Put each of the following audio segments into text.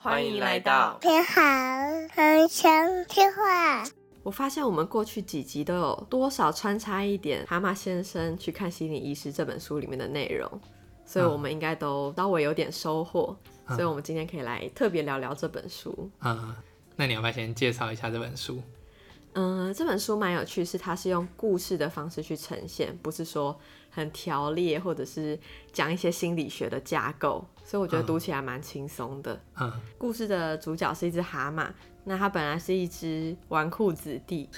歡迎來到天好，很想聽話。我發現我們過去幾集都有多少穿插一點《蛤蟆先生去看心理醫師》這本書裡面的內容，所以我們應該都稍微有點收穫。所以，我們今天可以來特別聊聊這本書。嗯，嗯，那你要不要先介紹一下這本書？嗯，這本書蠻有趣，是它是用故事的方式去呈現，不是說很條列，或者是講一些心理學的架構。所以我覺得讀起來蠻輕鬆的。Oh. Oh. 故事的主角是一隻蛤蟆，那他本來是一隻紈絝子弟。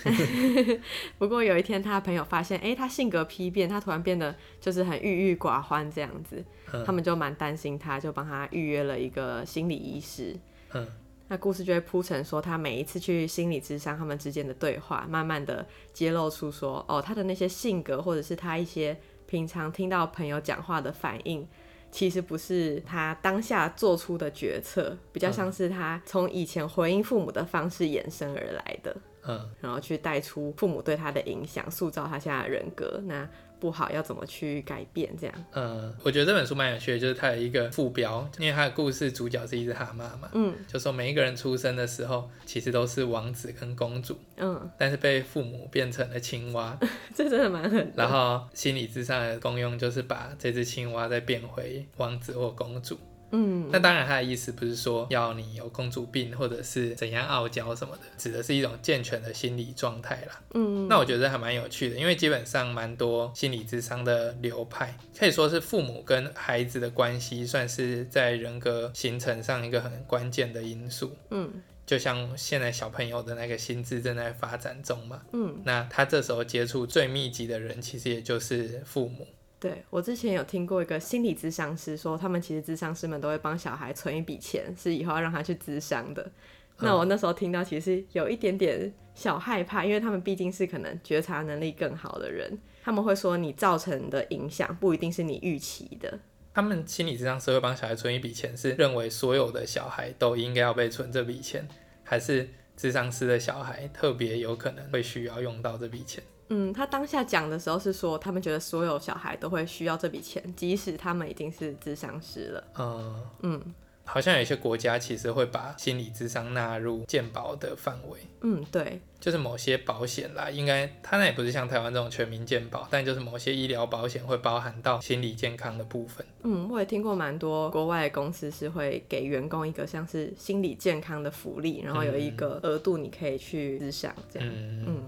不過有一天，他的朋友發現，哎、欸，他性格丕變，他突然變得就是很鬱鬱寡歡這樣子。Oh. 他們就蠻擔心他，就幫他預約了一個心理醫師。Oh. 那故事就會鋪陳說，他每一次去心理諮商，他們之間的對話，慢慢的揭露出說，哦，他的那些性格，或者是他一些平常聽到朋友講話的反應，其實不是他當下做出的決策，比較像是他從以前回應父母的方式衍生而來的，嗯，然後去帶出父母對他的影響，塑造他現在的人格。那。不好要怎麼去改變？這樣，嗯，我覺得這本書蠻有趣的，就是它有一個副標，因為它的故事主角是一只蛤蟆嘛，嗯，就說每一個人出生的時候，其實都是王子跟公主，嗯，但是被父母變成了青蛙， 這真的蠻狠的。然後心理諮商的功用就是把這只青蛙再變回王子或公主。嗯，那當然，他的意思不是說要你有公主病或者是怎樣，傲嬌什麼的，指的是一種健全的心理狀態啦。嗯，那我覺得還蠻有趣的，因為基本上蠻多心理諮商的流派，可以說是父母跟孩子的關係，算是在人格形成上一個很關鍵的因素。嗯，就像現在小朋友的那個心智正在發展中嘛。嗯，那他這時候接觸最密集的人，其實也就是父母。對，我之前有聽過一個心理諮商師說，他們其實諮商師們都會幫小孩存一筆錢，是以後要讓他去諮商的。那我那時候聽到，其實有一點點小害怕，因為他們畢竟是可能覺察能力更好的人，他們會說，你造成的影響不一定是你預期的。他們心理諮商師會幫小孩存一筆錢，是認為所有的小孩都應該要被存這筆錢，還是諮商師的小孩特別有可能會需要用到這筆錢？嗯，他當下講的時候是說，他們覺得所有小孩都會需要這筆錢，即使他們已經是諮商師了。嗯嗯，嗯，好像有一些國家其實會把心理諮商納入健保的範圍。嗯，對，就是某些保險啦，應該他那也不是像台灣這種全民健保，但就是某些醫療保險會包含到心理健康的部分。嗯，我也聽過蠻多國外的公司是會給員工一個像是心理健康的福利，然後有一個額度你可以去諮商這樣。嗯嗯。嗯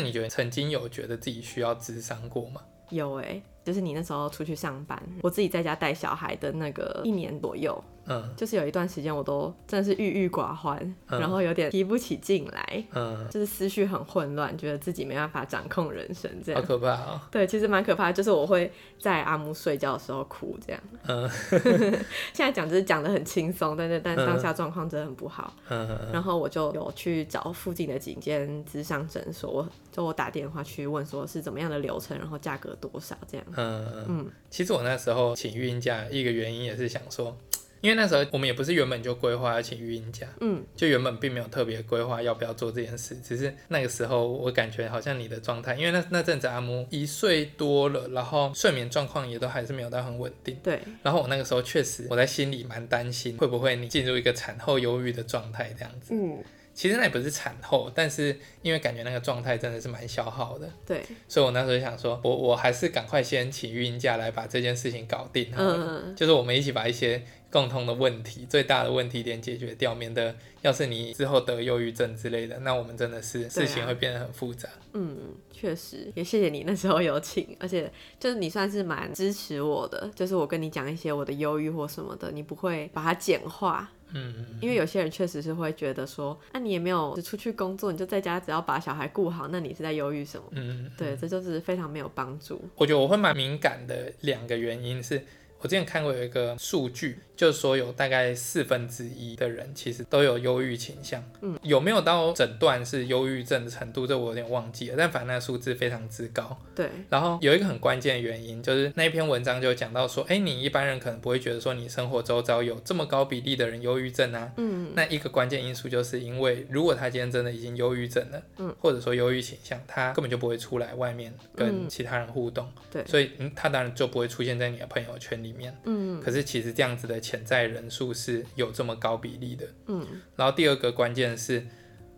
那你覺得曾經有覺得自己需要諮商過嗎？有誒、欸。就是你那時候出去上班，我自己在家帶小孩的那個一年左右，嗯，就是有一段時間我都真的是鬱鬱寡歡，嗯、然後有點提不起勁來，嗯，就是思緒很混亂，覺得自己沒辦法掌控人生，這樣。好可怕哦。對，其實蠻可怕，就是我會在阿 mu 睡覺的時候哭這樣。嗯， 現在講就是講得很輕鬆，但是但當下狀況真的很不好。嗯，然後我就有去找附近的幾間諮商診所我，就我打電話去問說是怎麼樣的流程，然後價格多少這樣。嗯嗯，其實我那時候請育嬰假，一個原因也是想說，因為那時候我們也不是原本就規劃要請育嬰假，嗯，就原本並沒有特別規劃要不要做這件事，只是那個時候我感覺好像你的狀態，因為那那陣子阿木一歲多了，然後睡眠狀況也都還是沒有到很穩定，對，然後我那個時候確實我在心裡蠻擔心，會不會你進入一個產後憂鬱的狀態這樣子，嗯。其實那也不是產後，但是因為感覺那個狀態真的是蠻消耗的，對，所以我那時候想說，我我還是趕快先請孕假來把這件事情搞定，嗯嗯，就是我們一起把一些共同的問題、最大的問題點解決掉，免得要是你之後得憂鬱症之類的，那我們真的是事情會變得很複雜，啊、嗯。確實，也謝謝你那時候有傾聽，而且就是你算是蠻支持我的，就是我跟你講一些我的憂鬱或什麼的，你不會把它簡化，嗯，嗯，嗯，因為有些人確實是會覺得說，那、啊、你也沒有出去工作，你就在家，只要把小孩顧好，那你是在憂鬱什麼？嗯，嗯，嗯，對，這就是非常沒有幫助。我覺得我會蠻敏感的，兩個原因是。我之前看過有一個數據，就是說有大概四分之一的人其實都有憂鬱傾向。嗯，有沒有到診斷是憂鬱症的程度，這我有點忘記了。但反正那數字非常之高。對。然後有一個很關鍵的原因，就是那篇文章就講到說，哎，你一般人可能不會覺得說你生活周遭有這麼高比例的人憂鬱症啊。嗯。那一個關鍵因素就是因為，如果他今天真的已經憂鬱症了，嗯，或者說憂鬱傾向，他根本就不會出來外面跟其他人互動。對。所以嗯，他當然就不會出現在你的朋友圈裡。裡面，嗯，可是其實這樣子的潛在人數是有這麼高比例的。嗯，然後第二個關鍵是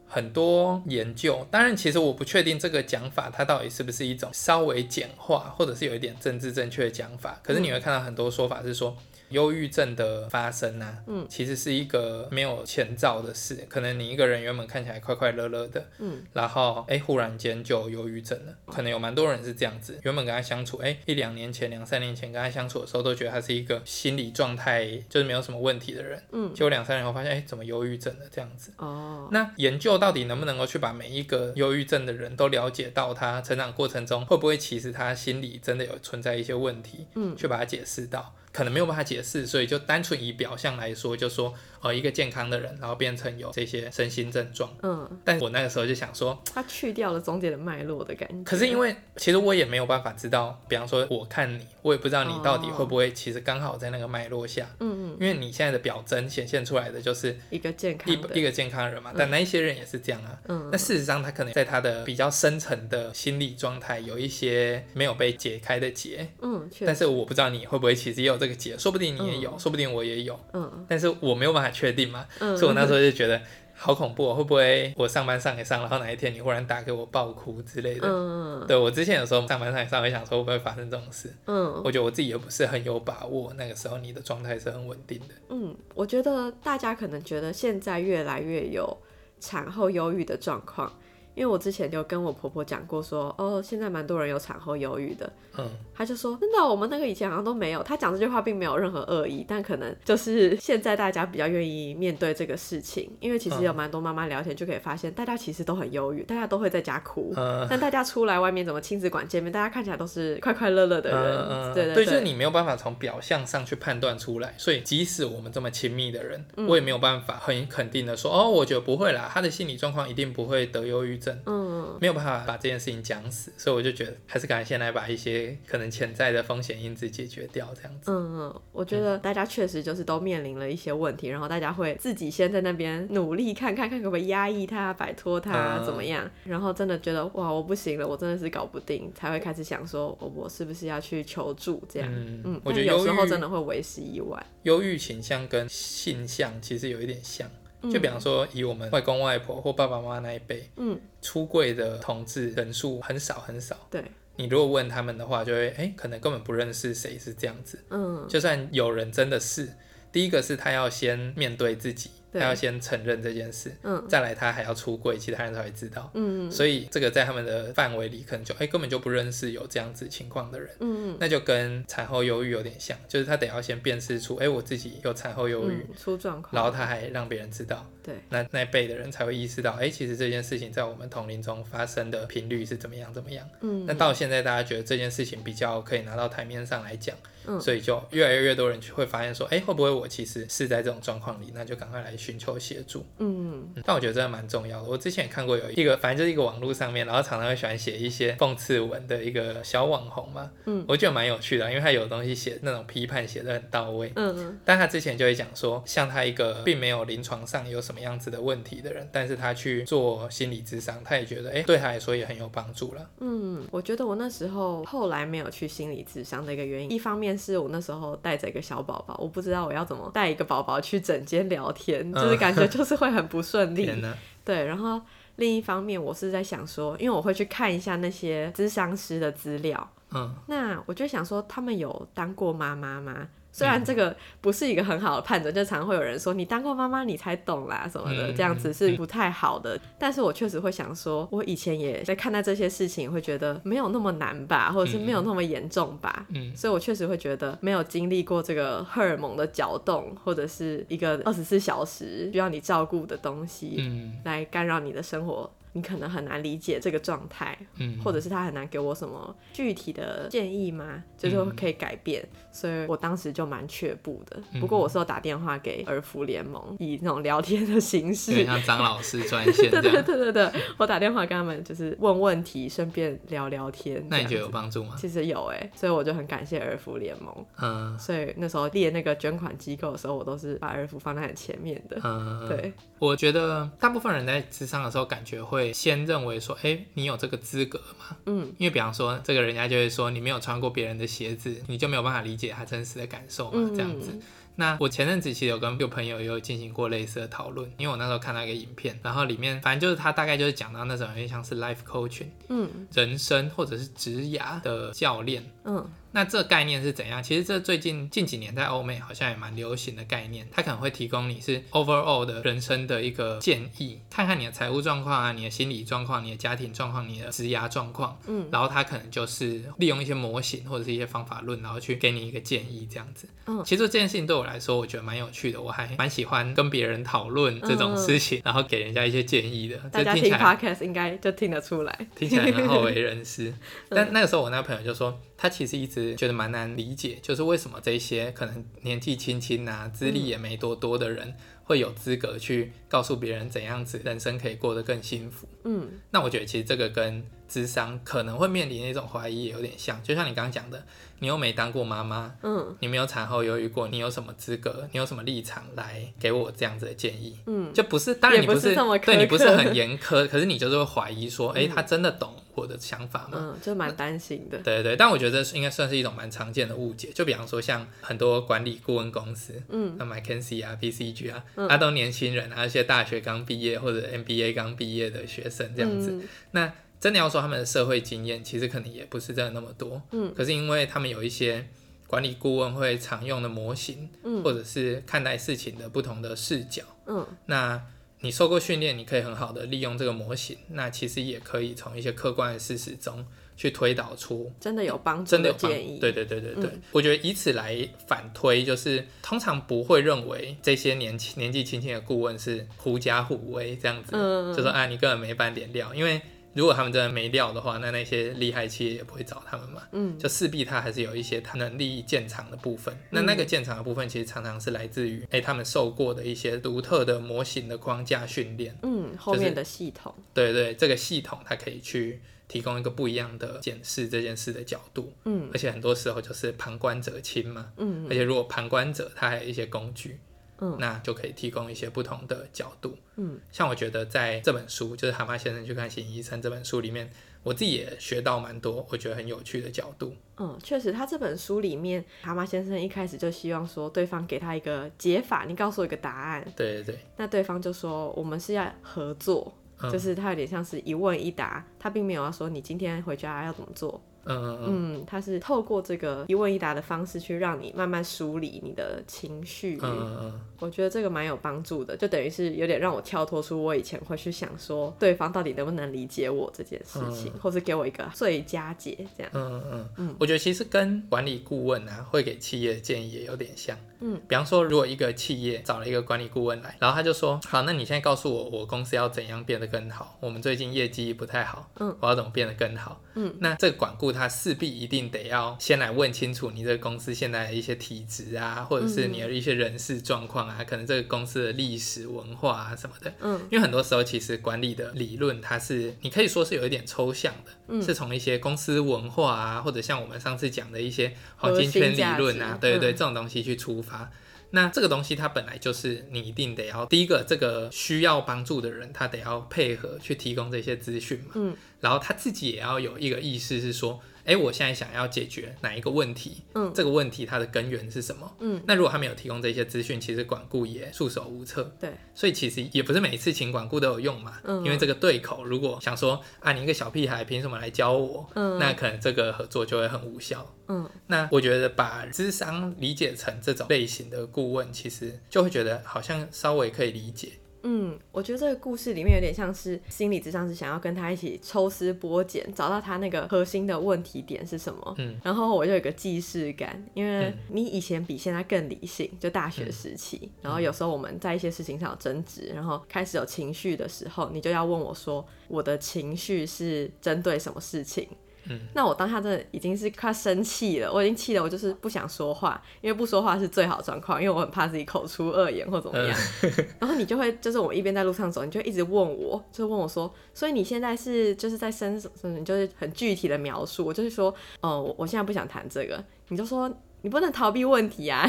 很多研究，當然其實我不確定這個講法它到底是不是一種稍微簡化或者是有一點政治正確的講法，可是你會看到很多說法是說。憂鬱症的發生呢、啊，嗯，其實是一個沒有前兆的事。可能你一個人原本看起來快快樂樂的，嗯，然後、欸、忽然間就有憂鬱症了。可能有蠻多人是這樣子，原本跟他相處，欸、一兩年前、兩三年前跟他相處的時候，都覺得他是一個心理狀態就是沒有什麼問題的人，嗯，結果兩三年後發現，欸、怎麼憂鬱症了？這樣子。哦，那研究到底能不能夠去把每一個憂鬱症的人都了解到他成長過程中會不會其實他心理真的有存在一些問題，嗯，去把它解釋到？可能沒有辦法解釋，所以就單純以表象來說，就說，呃，一個健康的人，然後變成有這些身心症狀。嗯。但我那個時候就想說，他去掉了中間的脈絡的感覺。可是因為其實我也沒有辦法知道，比方說我看你，我也不知道你到底會不會，其實剛好在那個脈絡下。嗯嗯、哦。因為你現在的表徵顯現出來的就是一個健康的，一一個健康人嘛。嗯、但那一些人也是這樣啊。嗯。那事實上他可能在他的比較深層的心理狀態有一些沒有被解開的結。嗯。但是我不知道你會不會其實有。這個結，說不定你也有，嗯、說不定我也有，嗯，但是我沒有辦法確定嘛，嗯，所以我那時候就覺得好恐怖、哦，嗯、會不會我上班上也上，然後哪一天你忽然打給我爆哭之類的，嗯，對，我之前有時候上班上也上，我也想說會不會發生這種事，嗯，我覺得我自己也不是很有把握，那個時候你的狀態是很穩定的，嗯，我覺得大家可能覺得現在越來越有產後憂鬱的狀況，因為我之前就跟我婆婆講過說，哦，現在蠻多人有產後憂鬱的，嗯。他就說：“真的，我們那個以前好像都沒有。”他講這句話並沒有任何惡意，但可能就是現在大家比較願意面對這個事情，因為其實有蠻多媽媽聊天就可以發現，大家其實都很憂鬱，大家都會在家哭，嗯、但大家出來外面怎麼親子館見面，大家看起來都是快快樂樂的人。嗯、對對對，對，就是你沒有辦法從表象上去判斷出來，所以即使我們這麼親密的人，我也沒有辦法很肯定的說：“嗯、哦，我覺得不會啦，他的心理狀況一定不會得憂鬱症。”嗯。沒有辦法把這件事情講死，所以我就覺得還是趕先來把一些可能潛在的風險因子解決掉，這樣子。嗯嗯，我覺得大家確實就是都面臨了一些問題，嗯、然後大家會自己先在那邊努力看看看、看，可不可以壓抑它、擺脫它，嗯、怎麼樣？然後真的覺得哇，我不行了，我真的是搞不定，才會開始想說，我是不是要去求助這樣？嗯，嗯我覺得有時候真的會為時已晚。憂鬱傾向跟性向其實有一點像。就比方說，以我們外公外婆或爸爸媽媽那一輩，嗯，出櫃的同志人數很少很少。對，你如果問他們的話，就會，欸，可能根本不認識誰是這樣子。嗯，就算有人真的是，第一個是他要先面對自己。他要先承認這件事，嗯、再來他還要出櫃，其他人才會知道。嗯，所以這個在他們的範圍裡可能就哎、欸、根本就不認識有這樣子情況的人。嗯，那就跟產後憂鬱有點像，就是他得要先辨識出哎、欸、我自己有產後憂鬱、嗯、出狀況，然後他還讓別人知道。那那一輩的人才會意識到，哎、欸，其實這件事情在我們同齡中發生的頻率是怎麼樣怎麼樣。嗯。那到現在大家覺得這件事情比較可以拿到台面上來講，嗯，所以就越來越、越多人會發現說，哎、欸，會不會我其實是在這種狀況裡，那就趕快來尋求協助。嗯、嗯。但我覺得真的蠻重要的。我之前也看過有一個，反正就是一個網絡上面，然後常常會喜歡寫一些諷刺文的一個小網紅嘛。嗯。我覺得蠻有趣的，因為他有東西寫那種批判寫得很到位。嗯。但他之前就會講說，像他一個並沒有臨床上有什麼。樣子的問題的人，但是他去做心理諮商，他也覺得誒、欸，對他來說也很有幫助了。嗯，我覺得我那時候後來沒有去心理諮商的一個原因，一方面是我那時候帶着一個小寶寶，我不知道我要怎麼帶一個寶寶去診間聊天，嗯、就是感覺就是會很不順利。呵呵啊、對，然後另一方面我是在想說，因為我會去看一下那些諮商師的資料，嗯，那我就想說他們有當過媽媽嗎？雖然這個不是一個很好的判斷，嗯、就常會有人說你當過媽媽你才懂啦什麼的，嗯、這樣子是不太好的。嗯嗯、但是我確實會想說，我以前也在看待這些事情，會覺得沒有那麼難吧，或者是沒有那麼嚴重吧。嗯、所以我確實會覺得沒有經歷過這個荷爾蒙的攪動，或者是一個二十四小時需要你照顧的東西，來干擾你的生活，你可能很難理解這個狀態，嗯哼，或者是他很難給我什麼具體的建議嗎？嗯、哼就是可以改變，所以我當時就蠻卻步的。嗯、哼不過我是有打電話給兒福聯盟，以那種聊天的形式，像張老師專線，對 對對對對，我打電話跟他們就是問問題，順便聊聊天。那你覺得有幫助嗎？其實有誒，所以我就很感謝兒福聯盟。嗯，所以那時候列那個捐款機構的時候，我都是把兒福放在很前面的。嗯，對，我覺得大部分人在諮商的時候感覺會。會先認為說，哎、欸，你有這個資格嗎？嗯，因為比方說，這個人家就會說，你沒有穿過別人的鞋子，你就沒有辦法理解他真實的感受嘛，這樣子。嗯嗯嗯。那我前陣子其實有跟有朋友也有進行過類似的討論，因為我那時候看到一個影片，然後裡面反正就是他大概就是講到那種有點像是 life coaching，嗯，人生或者是職涯的教練，嗯。那這概念是怎樣？其實這最近近幾年在歐美好像也蠻流行的概念，它可能會提供你是 overall 的人生的一個建議，看看你的財務狀況啊，你的心理狀況，你的家庭狀況，你的職涯狀況，嗯，然後它可能就是利用一些模型或者是一些方法論，然後去給你一個建議這樣子。嗯，其實這件事情對我來說，我覺得蠻有趣的，我還蠻喜歡跟別人討論這種事情，嗯、然後給人家一些建議的。大家聽 podcast 應該就聽得出來，聽起來很好為人師。 但那個時候我那個朋友就說。他其實一直覺得蠻難理解，就是為什麼這些可能年紀輕輕啊、資歷也沒多多的人，嗯、會有資格去告訴別人怎樣子人生可以過得更幸福？嗯，那我覺得其實這個跟諮商可能會面臨那種懷疑也有點像，就像你剛剛講的，你又沒當過媽媽，嗯，你沒有產後憂鬱過，你有什麼資格？你有什麼立場來給我這樣子的建議？嗯，就不是，當然你不是，不是對你不是很嚴苛，可是你就是會懷疑說，誒、嗯欸，他真的懂？我的想法嘛，嗯，就蠻擔心的。對對，但我覺得這應該算是一種蠻常見的誤解。就比方說，像很多管理顧問公司，嗯，那麥肯錫啊、BCG 啊，嗯、啊，都年輕人啊，一些大學剛畢業或者 MBA 剛畢業的學生這樣子。嗯、那真的要說他們的社會經驗，其實可能也不是真的那麼多。嗯，可是因為他們有一些管理顧問會常用的模型，嗯，或者是看待事情的不同的視角，嗯，那。你受過訓練，你可以很好的利用這個模型。那其實也可以從一些客觀的事實中去推導出真的有幫助的建議。對對對對對，嗯、我覺得以此來反推，就是通常不會認為這些年輕年紀輕輕的顧問是狐假虎威這樣子，嗯嗯，就說啊，你根本沒半點料，因為。如果他們真的沒料的話，那那些厲害企業也不會找他們嘛。嗯、就勢必他還是有一些他能力擅長的部分。那那個擅長的部分，其實常常是來自於、嗯欸、他們受過的一些獨特的模型的框架訓練。嗯，後面的系統。對對，這個系統它可以去提供一個不一樣的檢視這件事的角度。嗯，而且很多時候就是旁觀者清嘛。嗯，而且如果旁觀者他還有一些工具。嗯，那就可以提供一些不同的角度。嗯，像我覺得在這本書，就是《蛤蟆先生去看心理醫生》這本書裡面，我自己也學到蠻多，我覺得很有趣的角度。嗯，確實，他這本書裡面，蛤蟆先生一開始就希望說對方給他一個解法，你告訴我一個答案。對對對。那對方就說，我們是要合作，就是他有點像是一問一答，嗯。他並沒有要說你今天回家要怎麼做。嗯嗯嗯，他、嗯、是透過這個一問一答的方式去讓你慢慢梳理你的情緒、嗯，嗯嗯，我覺得這個蠻有幫助的，就等於是有點讓我跳脫出我以前會去想說對方到底能不能理解我這件事情，嗯、或是給我一個最佳解這樣，嗯嗯嗯，嗯嗯我覺得其實跟管理顧問吶、啊、會給企業的建議也有點像，嗯，比方說如果一個企業找了一個管理顧問來，然後他就說，好，那你現在告訴我，我公司要怎樣變得更好？我們最近業績不太好，嗯，我要怎麼變得更好？嗯，那這個管顧。他勢必一定得要先來問清楚你這個公司現在的一些體質啊，或者是你的一些人事狀況啊，嗯、可能這個公司的歷史文化啊什麼的。嗯。因為很多時候，其實管理的理論它是你可以說是有一點抽象的，嗯、是從一些公司文化啊，或者像我們上次講的一些黃金圈理論啊，對對對，這種東西去出發。嗯、那這個東西它本來就是你一定得要第一個，這個需要幫助的人他得要配合去提供這些資訊嘛。嗯。然後他自己也要有一個意識，是說，哎，我現在想要解決哪一個問題？嗯、這個問題它的根源是什麼？嗯、那如果他沒有提供這些資訊，其實管顧也束手無策。對，所以其實也不是每一次請管顧都有用嘛。嗯、哼因為這個對口，如果想說，啊，你一個小屁孩憑什麼來教我？嗯、那可能這個合作就會很無效。嗯、那我覺得把諮商理解成這種類型的顧問，其實就會覺得好像稍微可以理解。嗯，我覺得這個故事裡面有點像是心理諮商，是想要跟他一起抽絲剝繭，找到他那個核心的問題點是什麼。嗯、然後我就有個既視感，因為你以前比現在更理性，就大學時期。嗯、然後有時候我們在一些事情上有爭執，然後開始有情緒的時候，你就要問我說，我的情緒是針對什麼事情？ 那我當下真的已經是快生氣了，我已經氣得我就是不想說話，因為不說話是最好的狀況，因為我很怕自己口出惡言或怎麼樣。 然後你就會，就是我一邊在路上走，你就會一直問我，就問我說，所以你現在是就是在生，你就是很具體的描述。我就是說，哦、呃，我現在不想談這個，你就說。你不能逃避問題啊！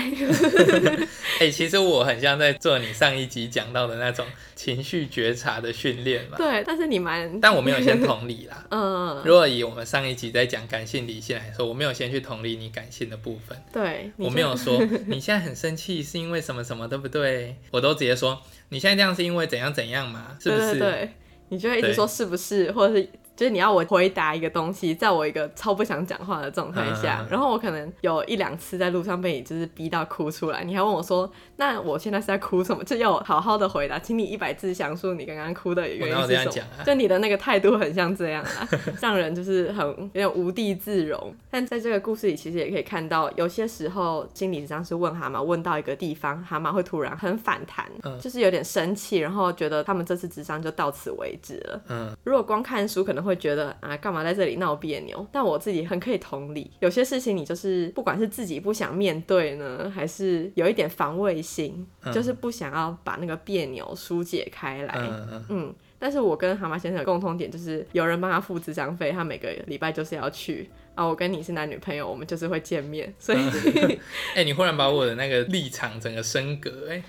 哎 、欸，其實我很像在做你上一集講到的那種情緒覺察的訓練嘛。對，但是你蠻……但我沒有先同理啦。嗯，如果以我們上一集在講感性理性來說，我沒有先去同理你感性的部分。對，我沒有說你現在很生氣是因為什麼什麼，對不對？我都直接說你現在這樣是因為怎樣怎樣嘛，是不是？對,對,對，你就會一直說是不是，對或者是。所以你要我回答一個東西，在我一個超不想講話的狀態下，嗯嗯嗯，然後我可能有一兩次在路上被你就是逼到哭出來，你還問我說：“那我現在是在哭什麼？”這要我好好的回答，請你一百字詳述你剛剛哭的原因是什麼？啊、就你的那個態度很像這樣啊， 讓人就是很有點無地自容。但在這個故事裡，其實也可以看到，有些時候心理諮商問蛤蟆，問到一個地方，蛤蟆會突然很反彈，嗯、就是有點生氣，然後覺得他們這次諮商就到此為止了。嗯，如果光看書可能會。會覺得啊，幹嘛在這裡鬧彆扭？但我自己很可以同理，有些事情你就是不管是自己不想面對呢，還是有一點防衛心，嗯、就是不想要把那個彆扭疏解開來。嗯，嗯，但是我跟蛤蟆先生的共通點，就是有人幫他付諮商費，他每個禮拜就是要去啊。我跟你是男女朋友，我們就是會見面，所以。哎、嗯 欸，你忽然把我的那個立場整個升格哎、欸。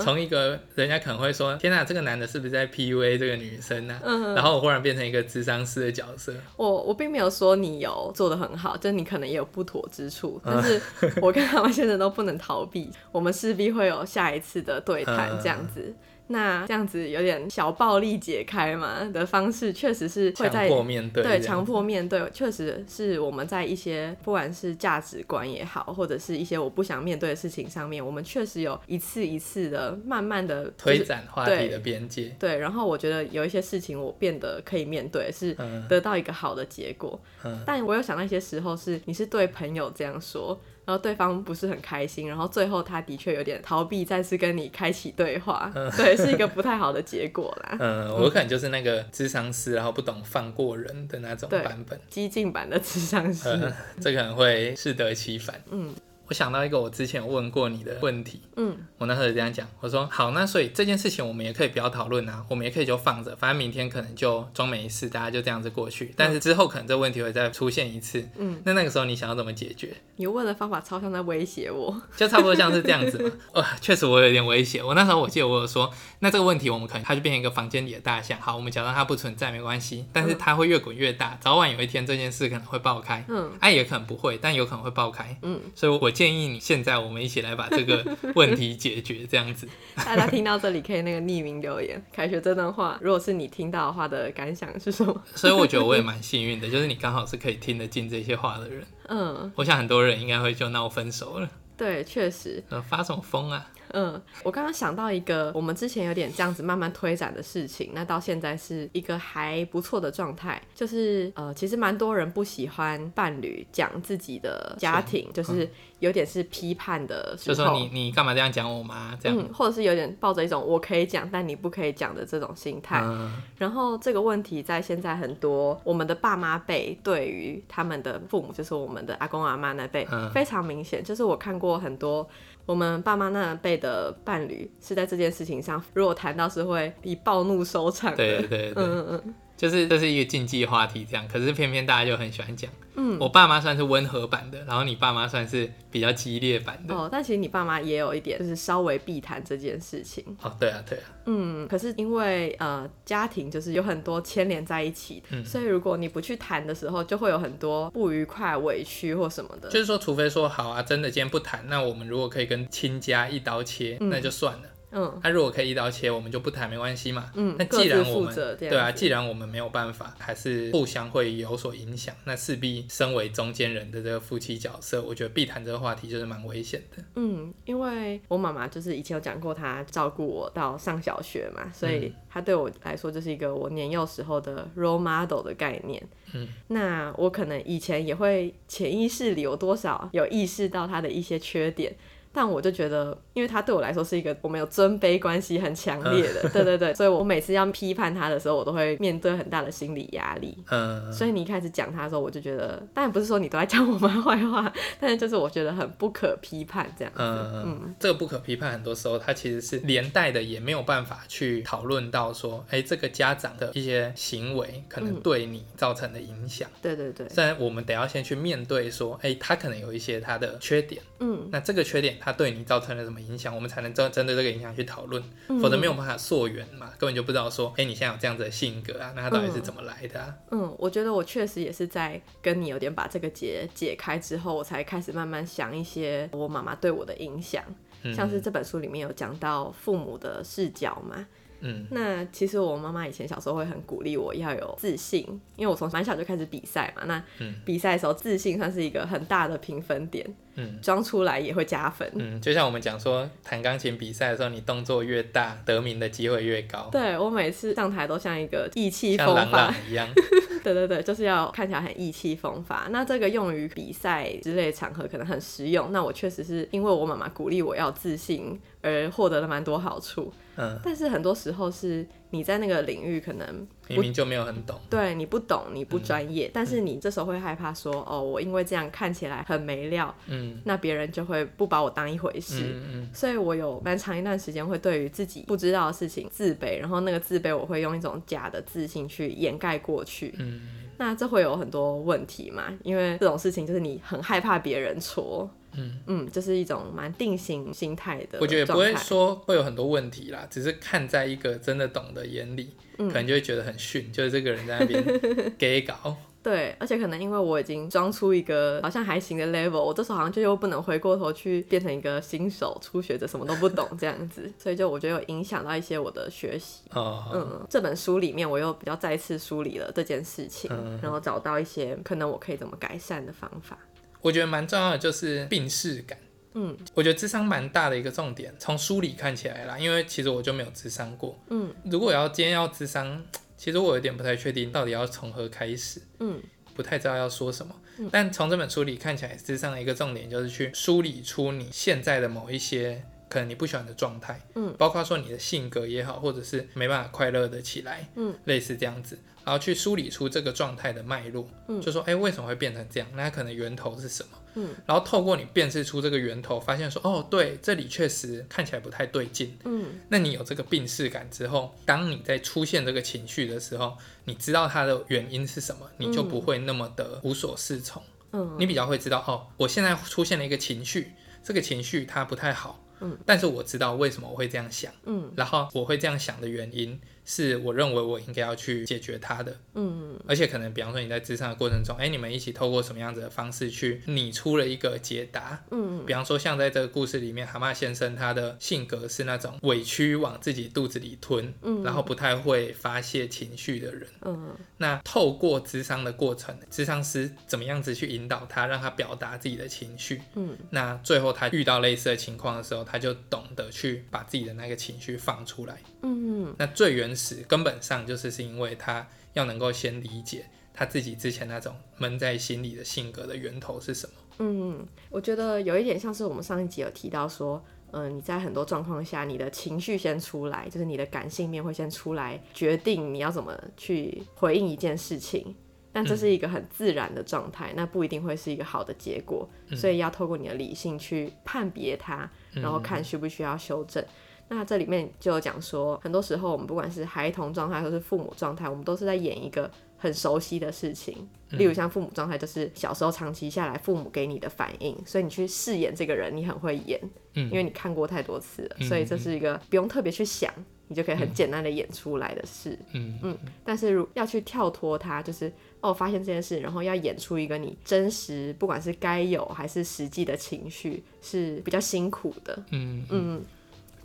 從一個人家可能會說：“天哪、啊，這個男的是不是在 PUA 這個女生呢、啊？”嗯、然後我忽然變成一個諮商師的角色。我我並沒有說你有做得很好，就你可能也有不妥之處。但是，我跟他們現在都不能逃避，嗯、 我們勢必會有下一次的對談這樣子。嗯那這樣子有點小暴力解開嘛的方式，確實是會在對強迫面對強迫面對，確實是我們在一些不管是價值觀也好，或者是一些我不想面對的事情上面，我們確實有一次一次的慢慢的、就是、推展話題的邊界。對。對，然後我覺得有一些事情我變得可以面對，是得到一個好的結果。嗯嗯、但我有想到一些時候是你是對朋友這樣說。然後對方不是很開心，然後最後他的確有點逃避，再次跟你開啟對話，嗯、對，是一個不太好的結果啦。嗯，我可能就是那個諮商師，然後不懂放過人的那種版本，激進版的諮商師，嗯、這可能會適得其反。嗯。我想到一個我之前問過你的問題，嗯，我那時候也這樣講，我說好，那所以這件事情我們也可以不要討論啊，我們也可以就放着，反正明天可能就裝沒事，大家就這樣子過去。但是之後可能這問題會再出現一次，嗯，那那個時候你想要怎麼解決？你問的方法超像在威脅我， 就差不多像是這樣子嘛，哇、哦，確實我有點威脅。我那時候我記得我有說，那這個問題我們可能它就變成一個房間裡的大象，好，我們假裝它不存在沒關係，但是它會越滾越大，早晚有一天這件事可能會爆開，嗯，哎、啊、也可能不會，但有可能會爆開，嗯，所以我。建議你現在我們一起來把這個問題解決，這樣子。 大家聽到這裡可以那個匿名留言，凱學這段話，如果是你聽到的話的感想是什麼？所以我覺得我也蠻幸運的， 就是你剛好是可以聽得進這些話的人。嗯，我想很多人應該會就鬧分手了。對，確實。呃，發什麼瘋啊？嗯，我剛剛想到一個我們之前有點這樣子慢慢推展的事情，那到現在是一個還不錯的狀態。就是呃，其實蠻多人不喜歡伴侶講自己的家庭，嗯、就是有點是批判的。就說你你幹嘛這樣講我媽這樣、嗯，或者是有點抱着一種我可以講，但你不可以講的這種心態。嗯、然後這個問題在現在很多我們的爸媽輩對於他們的父母，就是我們的阿公阿媽那輩，嗯、非常明顯。就是我看過很多。我們爸媽那輩的伴侶是在這件事情上，如果談到是會以暴怒收場的。對對對對，嗯嗯嗯。就是這是一個禁忌話題，這樣，可是偏偏大家就很喜歡講。嗯，我爸媽算是溫和版的，然後你爸媽算是比較激烈版的。哦，但其實你爸媽也有一點，就是稍微避談這件事情。哦，對啊，對啊。嗯，可是因為呃，家庭就是有很多牽連在一起，嗯，所以如果你不去談的時候，就會有很多不愉快、委屈或什麼的。就是說，除非說好啊，真的今天不談，那我們如果可以跟親家一刀切，嗯，那就算了。嗯，他、啊、如果可以一刀切，我們就不談，沒關係嘛。嗯，那既然我們負責對啊，既然我們沒有辦法，還是互相會有所影響，那勢必身為中間人的這個夫妻角色，我覺得避談這個話題就是蠻危險的。嗯，因為我媽媽就是以前有講過，她照顧我到上小學嘛，所以她對我來說就是一個我年幼時候的 role model 的概念。嗯，那我可能以前也會潛意識裡有多少有意識到她的一些缺點。但我就覺得，因為他對我來說是一個我們有尊卑關係很強烈的，嗯、對對對，所以我每次要批判他的時候，我都會面對很大的心理壓力。嗯，所以你一開始講他的時候，我就覺得，當然不是說你都在講我們壞話，但是就是我覺得很不可批判這樣。嗯嗯，嗯，這個不可批判很多時候他其實是連帶的，也沒有辦法去討論到說，哎、欸，這個家長的一些行為可能對你造成的影響、嗯。對對對，雖然我們得要先去面對說，哎、欸，他可能有一些他的缺點。嗯，那這個缺點他。他對你造成了什麼影響？我們才能針針對這個影響去討論，嗯、否則沒有辦法溯源嘛，根本就不知道說，哎、欸，你現在有這樣子的性格啊，那他到底是怎麼來的、啊嗯？嗯，我覺得我確實也是在跟你有點把這個結解，解開之後，我才開始慢慢想一些我媽媽對我的影響。嗯、像是這本書裡面有講到父母的視角嘛，嗯，那其實我媽媽以前小時候會很鼓勵我要有自信，因為我從蠻小就開始比賽嘛，那比賽的時候自信算是一個很大的評分點。嗯，裝出來也會加分。嗯，就像我們講說彈鋼琴比賽的時候，你動作越大，得名的機會越高。嗯、對，我每次上台都像一個意氣風發狼狼一樣。 對對對，就是要看起來很意氣風發。那這個用於比賽之類場合可能很實用。那我確實是因為我媽媽鼓勵我要自信，而獲得了蠻多好處。嗯、但是很多時候是你在那個領域可能。明明就沒有很懂，對，你不懂，你不專業，嗯、但是你這時候會害怕說，嗯、哦，我因為這樣看起來很沒料，嗯，那別人就會不把我當一回事，嗯嗯、所以我有蠻長一段時間會對於自己不知道的事情自卑，然後那個自卑我會用一種假的自信去掩蓋過去，嗯、那這會有很多問題嘛，因為這種事情就是你很害怕別人戳。嗯嗯，這、就是一種蠻定型心態的，我覺得不會說會有很多問題啦，只是看在一個真的懂的眼裡，嗯、可能就會覺得很遜，就是這個人在那邊給 搞。對，而且可能因為我已經裝出一個好像還行的 level，我這時候好像就又不能回過頭去變成一個新手、初學者，什麼都不懂這樣子， 所以就我覺得有影響到一些我的學習。哦。 嗯，這本書裡面我又比較再次梳理了這件事情，嗯、然後找到一些可能我可以怎麼改善的方法。我覺得蠻重要的就是病識感，嗯，我覺得諮商蠻大的一個重點，從書裡看起來啦，因為其實我就沒有諮商過，嗯，如果我要今天要諮商，其實我有點不太確定到底要從何開始，嗯，不太知道要說什麼，嗯，但從這本書裡看起來，諮商的一個重點就是去梳理出你現在的某一些。可能你不喜歡的狀態，嗯，包括說你的性格也好，或者是沒辦法快樂的起來，嗯，類似這樣子，然後去梳理出這個狀態的脈絡，嗯、就說哎、欸，為什麼會變成這樣？那它可能源頭是什麼？嗯，然後透過你辨識出這個源頭，發現說哦，對，這裡確實看起來不太對勁，嗯，那你有這個病識感之後，當你在出現這個情緒的時候，你知道它的原因是什麼，你就不會那麼的無所適從，嗯，你比較會知道哦，我現在出現了一個情緒，這個情緒它不太好。但是我知道為什麼我會這樣想，嗯、然後我會這樣想的原因，是我認為我應該要去解決他的，嗯，而且可能比方說你在諮商的過程中，哎、欸，你們一起透過什麼樣子的方式去擬出了一個解答，嗯，比方說像在這個故事裡面，蛤蟆先生他的性格是那種委屈往自己肚子裡吞，嗯，然後不太會發洩情緒的人，嗯，那透過諮商的過程，諮商師怎麼樣子去引導他，讓他表達自己的情緒，嗯，那最後他遇到類似的情況的時候，他就懂得去把自己的那個情緒放出來，嗯，那最原始。根本上就是是因為他要能夠先理解他自己之前那種悶在心裡的性格的源頭是什麼。嗯，我覺得有一點像是我們上一集有提到說，嗯、呃，你在很多狀況下，你的情緒先出來，就是你的感性面會先出來決定你要怎麼去回應一件事情，但這是一個很自然的狀態，嗯、那不一定會是一個好的結果，所以要透過你的理性去判別它，嗯、然後看需不需要修正。那這裡面就有講說，很多時候我們不管是孩童狀態，或是父母狀態，我們都是在演一個很熟悉的事情。嗯、例如像父母狀態，就是小時候長期下來，父母給你的反應，所以你去飾演這個人，你很會演，嗯、因為你看過太多次了，嗯、所以這是一個不用特別去想，你就可以很簡單的演出來的事，嗯嗯。嗯嗯，但是如要去跳脫它，就是哦，發現這件事，然後要演出一個你真實，不管是該有還是實際的情緒，是比較辛苦的，嗯嗯。嗯嗯。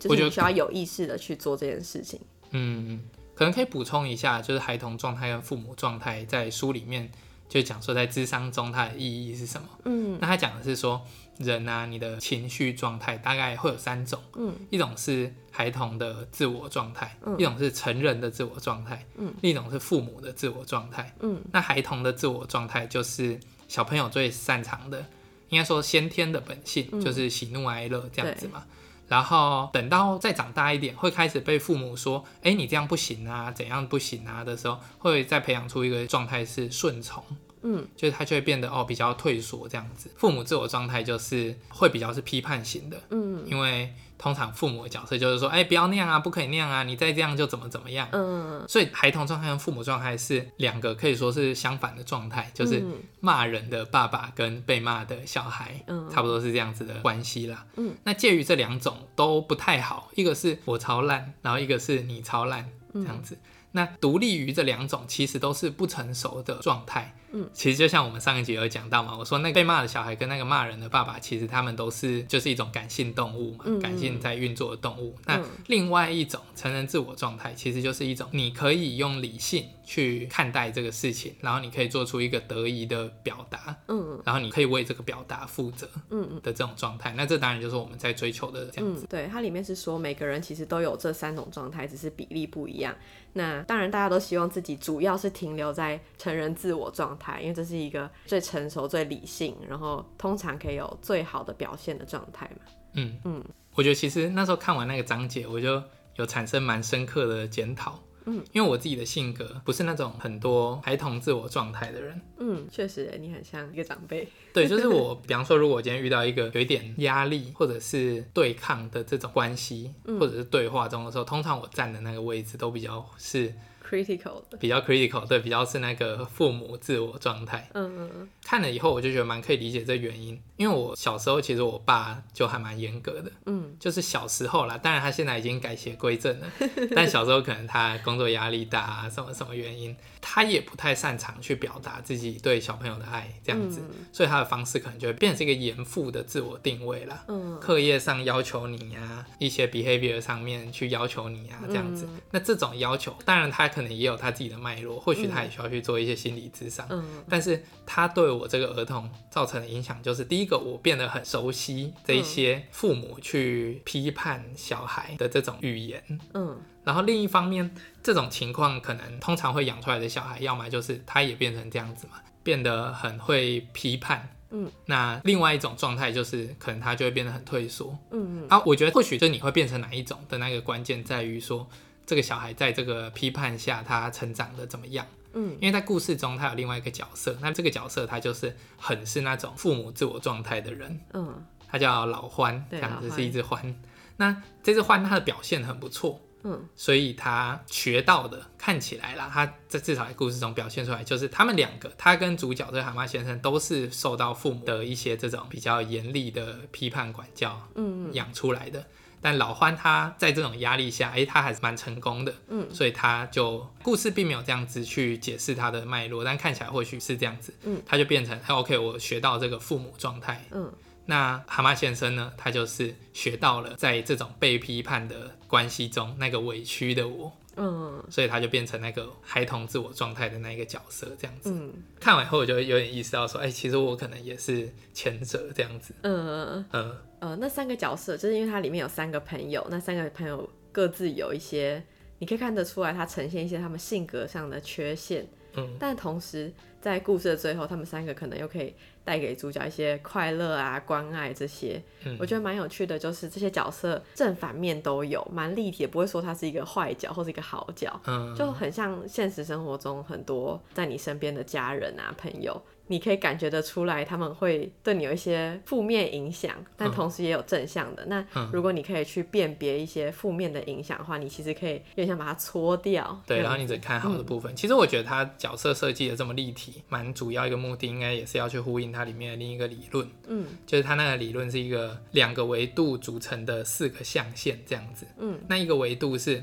我就是你需要有意識的去做這件事情。嗯，可能可以補充一下，就是孩童狀態跟父母狀態在書裡面就講說，在諮商中它的意義是什麼？嗯，那他講的是說，人啊，你的情緒狀態大概會有三種。嗯，一種是孩童的自我狀態，嗯、一種是成人的自我狀態，嗯，另一種是父母的自我狀態。嗯，那孩童的自我狀態就是小朋友最擅長的，應該說先天的本性就是喜怒哀樂這樣子嘛。嗯然後等到再長大一點，會開始被父母說：“哎，你這樣不行啊，怎樣不行啊？”的時候，會再培養出一個狀態是順從，嗯，就是他就會變得哦比較退縮這樣子。父母自我狀態就是會比較是批判型的，嗯，因為。通常父母的角色就是說，哎、欸，不要那樣啊，不可以那樣啊，你再這樣就怎麼怎麼樣。嗯，所以孩童狀態跟父母狀態是兩個可以說是相反的狀態，就是罵人的爸爸跟被罵的小孩，嗯、差不多是這樣子的關係啦。嗯，那介於這兩種都不太好，一個是我超爛，然後一個是你超爛、嗯、這樣子。那獨立於這兩種，其實都是不成熟的狀態。嗯，其實就像我們上一集有講到嘛，我說那個被罵的小孩跟那個罵人的爸爸，其實他們都是就是一種感性動物嘛，嗯嗯、感性在運作的動物。嗯、那另外一種成人自我狀態，其實就是一種你可以用理性去看待這個事情，然後你可以做出一個得宜的表達，嗯，然後你可以為這個表達負責，嗯的這種狀態。嗯嗯、那這當然就是我們在追求的這樣子。嗯、對，它裡面是說每個人其實都有這三種狀態，只是比例不一樣。那當然大家都希望自己主要是停留在成人自我狀態。因為這是一個最成熟、最理性，然後通常可以有最好的表現的狀態嘛。嗯嗯，嗯，我覺得其實那時候看完那個章節，我就有產生蠻深刻的檢討。嗯，因為我自己的性格不是那種很多孩童自我狀態的人。嗯，確實，你很像一個長輩。對，就是我，比方說，如果我今天遇到一個有一點壓力或者是對抗的這種關係，嗯，或者是對話中的時候，通常我站的那個位置都比較是。critical 比較 critical 對，比較是那個父母自我狀態，嗯嗯嗯，看了以後我就覺得蠻可以理解這原因，因為我小時候其實我爸就還蠻嚴格的，嗯，就是小時候啦，當然他現在已經改邪歸正了， 但小時候可能他工作壓力大啊，什麼什麼原因。他也不太擅長去表達自己對小朋友的愛，這樣子，嗯、所以他的方式可能就會變成一個嚴父的自我定位了。嗯，課業上要求你啊，一些 behavior 上面去要求你啊，這樣子。嗯、那這種要求，當然他可能也有他自己的脈絡，或許他也需要去做一些心理諮商。嗯，但是他對我這個兒童造成的影響，就是、嗯、第一個，我變得很熟悉這一些父母去批判小孩的這種語言。嗯，然後另一方面。.這種情況可能通常會養出來的小孩，要麼就是他也變成這樣子嘛，變得很會批判，嗯。那另外一種狀態就是，可能他就會變得很退縮，嗯，嗯。啊，我覺得或許就你會變成哪一種的那個關鍵在於說，這個小孩在這個批判下他成長的怎麼樣，嗯。因為在故事中他有另外一個角色，那這個角色他就是很是那種父母自我狀態的人，嗯。他叫老歡，對這樣子是一隻歡。老歡。那這隻歡他的表現很不錯。嗯、所以他學到的看起來啦，他在至少在故事中表現出來，就是他們兩個，他跟主角這個蛤蟆先生都是受到父母的一些這種比較嚴厲的批判管教，嗯，養出來的。嗯嗯但老獾他在這種壓力下，哎、欸，他還是蠻成功的，嗯，所以他就故事並沒有這樣子去解釋他的脈絡，但看起來或許是這樣子，嗯，他就變成，OK，我學到這個父母狀態，嗯。那蛤蟆先生呢？他就是學到了，在這種被批判的關係中，那個委屈的我，嗯，所以他就變成那個孩童自我狀態的那一個角色，這樣子。嗯，看完後我就有點意識到說，哎、欸，其實我可能也是前者這樣子。嗯嗯嗯，嗯，那三個角色，就是因為他裡面有三個朋友，那三個朋友各自有一些，你可以看得出來，他呈現一些他們性格上的缺陷。嗯，但同時在故事的最後，他們三個可能又可以，帶給主角一些快樂啊、關愛這些，嗯、我覺得蠻有趣的，就是這些角色正反面都有，蠻立體，不會說它是一個壞角或是一個好角，嗯、就很像現實生活中很多在你身邊的家人啊、朋友。你可以感覺得出來，他們會對你有一些負面影響，但同時也有正向的。嗯、那如果你可以去辨別一些負面的影響的話，嗯、你其實可以優想把它搓掉。對，對然後你只看好的部分。嗯、其實我覺得他角色設計的這麼立體，蠻主要一個目的，應該也是要去呼應它裡面的另一個理論。嗯，就是它那個理論是一個兩個維度組成的四個象限這樣子。嗯，那一個維度是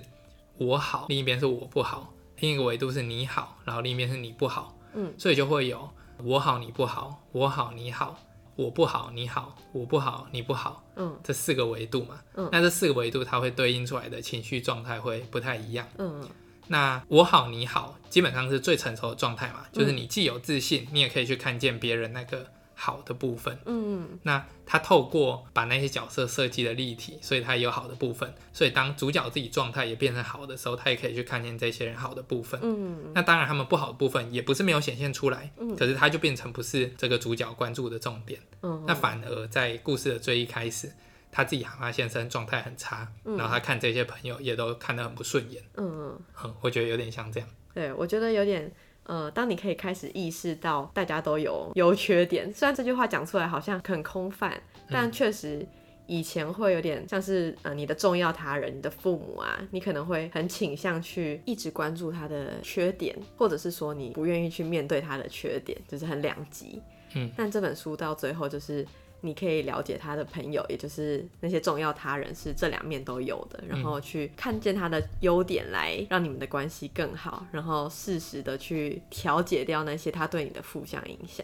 我好，另一邊是我不好；另一個維度是你好，然後另一邊是你不好。嗯，所以就會有。我好你不好，我好你好，我不好你好，我不好你不好，嗯，這四個維度嘛，嗯，那這四個維度它會對應出來的情緒狀態會不太一樣，嗯，那我好你好，基本上是最成熟的狀態嘛，就是你既有自信，嗯，你也可以去看見別人那個。好的部分，嗯、嗯，那他透過把那些角色設計得立體，所以他也有好的部分，所以當主角自己狀態也變成好的時候，他也可以去看見這些人好的部分，嗯、嗯，那當然他們不好的部分也不是沒有顯現出來，嗯，可是他就變成不是這個主角關注的重點，嗯，那反而在故事的最一開始，他自己蛤蟆先生狀態很差，然後他看這些朋友也都看得很不順眼，嗯、嗯，我覺得有點像這樣，對，我覺得有點。呃，當你可以開始意識到大家都有有缺點，雖然這句話講出來好像很空泛，嗯、但確實以前會有點像是呃，你的重要他人，你的父母啊，你可能會很傾向去一直關注他的缺點，或者是說你不願意去面對他的缺點，就是很兩極。嗯、但這本書到最後就是。你可以了解他的朋友，也就是那些重要他人是這兩面都有的，然後去看見他的優點，來讓你們的關係更好，然後適時的去調節掉那些他對你的負向影響。